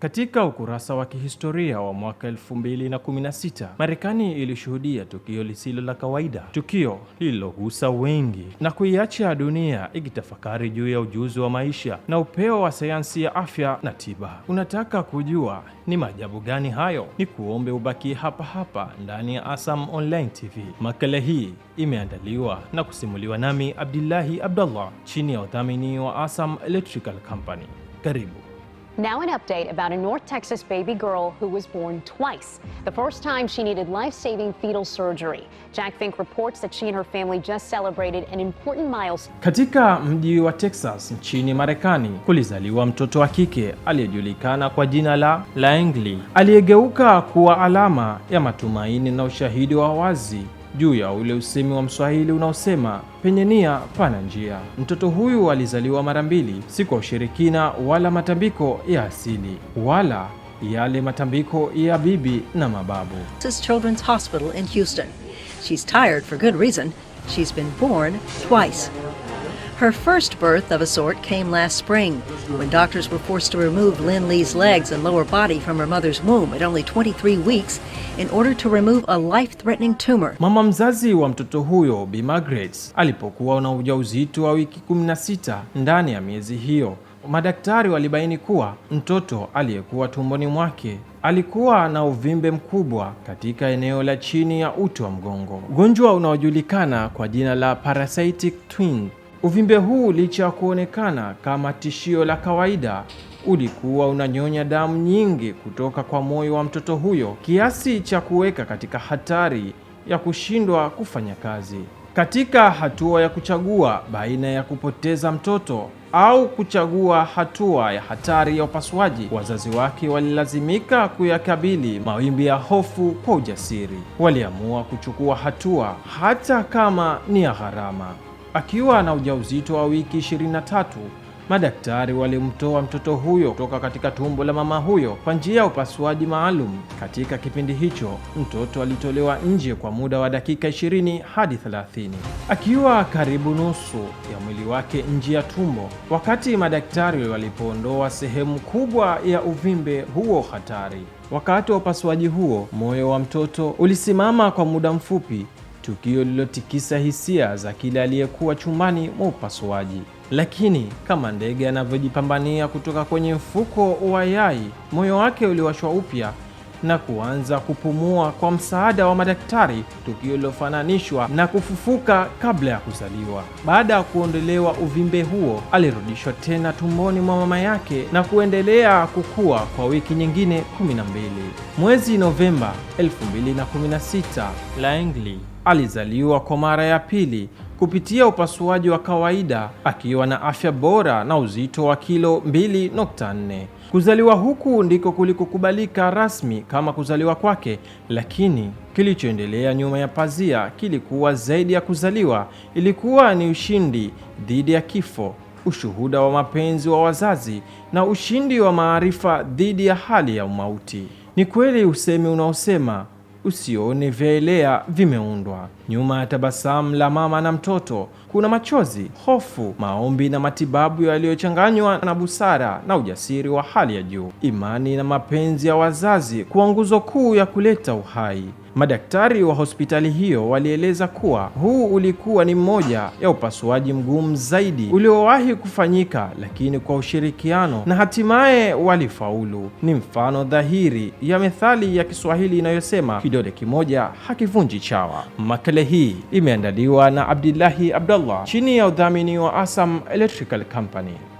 Katika ukurasa wa kihistoria wa mwaka 2016, Marekani ilishuhudia tukio lisilo la kawaida, tukio lililogusa wengi na kuiacha dunia ikitafakari juu ya ujuzi wa maisha na upeo wa sayansi ya afya na tiba. Unataka kujua ni maajabu gani hayo? Ni kuombe ubakie hapa hapa ndani ya ASAM Online TV. Makala hii imeandaliwa na kusimuliwa nami abdullahi abdullah chini ya udhamini wa ASAM Electrical Company. Karibu. Now, an update about a North Texas baby girl who was born twice. The first time she needed life saving fetal surgery. Jack Fink reports that she and her family just celebrated an important milestone. Katika mji wa Texas nchini Marekani kulizaliwa mtoto wa kike aliyejulikana kwa jina la Langley aliyegeuka kuwa alama ya matumaini na ushahidi wa wazi juu ya ule usemi wa Mswahili unaosema penye nia pana njia. Mtoto huyu alizaliwa mara mbili, si kwa ushirikina wala matambiko ya asili wala yale matambiko ya bibi na mababu. This Children's Hospital in Houston. She's tired for good reason. She's been born twice. Her first birth of a sort came last spring when doctors were forced to remove Lynn Lee's legs and lower body from her mother's womb at only 23 weeks in order to remove a life-threatening tumor. Mama mzazi wa mtoto huyo Bi Margaret alipokuwa na ujauzito wa wiki 16 ndani ya miezi hiyo Madaktari walibaini kuwa mtoto aliyekuwa tumboni mwake alikuwa na uvimbe mkubwa katika eneo la chini ya uti wa mgongo, ugonjwa unaojulikana kwa jina la parasitic twin Uvimbe huu licha ya kuonekana kama tishio la kawaida, ulikuwa unanyonya damu nyingi kutoka kwa moyo wa mtoto huyo kiasi cha kuweka katika hatari ya kushindwa kufanya kazi. Katika hatua ya kuchagua baina ya kupoteza mtoto au kuchagua hatua ya hatari ya upasuaji, wazazi wake walilazimika kuyakabili mawimbi ya hofu kwa ujasiri. Waliamua kuchukua hatua hata kama ni ya gharama. Akiwa na ujauzito wa wiki 23, madaktari walimtoa mtoto huyo kutoka katika tumbo la mama huyo kwa njia ya upasuaji maalum. Katika kipindi hicho, mtoto alitolewa nje kwa muda wa dakika 20 hadi 30, akiwa karibu nusu ya mwili wake nje ya tumbo, wakati madaktari walipoondoa sehemu kubwa ya uvimbe huo hatari. Wakati wa upasuaji huo, moyo wa mtoto ulisimama kwa muda mfupi tukio lililotikisa hisia za kila aliyekuwa chumani mwa upasuaji. Lakini kama ndege anavyojipambania kutoka kwenye mfuko wa yai, moyo wake uliwashwa upya na kuanza kupumua kwa msaada wa madaktari, tukio lilofananishwa na kufufuka kabla ya kuzaliwa. Baada ya kuondolewa uvimbe huo, alirudishwa tena tumboni mwa mama yake na kuendelea kukua kwa wiki nyingine 12. Mwezi Novemba 2016, Langley alizaliwa kwa mara ya pili kupitia upasuaji wa kawaida akiwa na afya bora na uzito wa kilo 2.4. Kuzaliwa huku ndiko kulikokubalika rasmi kama kuzaliwa kwake, lakini kilichoendelea nyuma ya pazia kilikuwa zaidi ya kuzaliwa. Ilikuwa ni ushindi dhidi ya kifo, ushuhuda wa mapenzi wa wazazi na ushindi wa maarifa dhidi ya hali ya umauti. Ni kweli usemi unaosema usione vyaelea vimeundwa. Nyuma ya tabasamu la mama na mtoto kuna machozi, hofu, maombi na matibabu yaliyochanganywa na busara na ujasiri wa hali ya juu. Imani na mapenzi ya wazazi kuwa nguzo kuu ya kuleta uhai. Madaktari wa hospitali hiyo walieleza kuwa huu ulikuwa ni mmoja ya upasuaji mgumu zaidi uliowahi kufanyika, lakini kwa ushirikiano na hatimaye walifaulu. Ni mfano dhahiri ya methali ya Kiswahili inayosema kidole kimoja hakivunji chawa. Makala shule hii imeandaliwa na Abdillahi Abdallah chini ya udhamini wa Asam Electrical Company.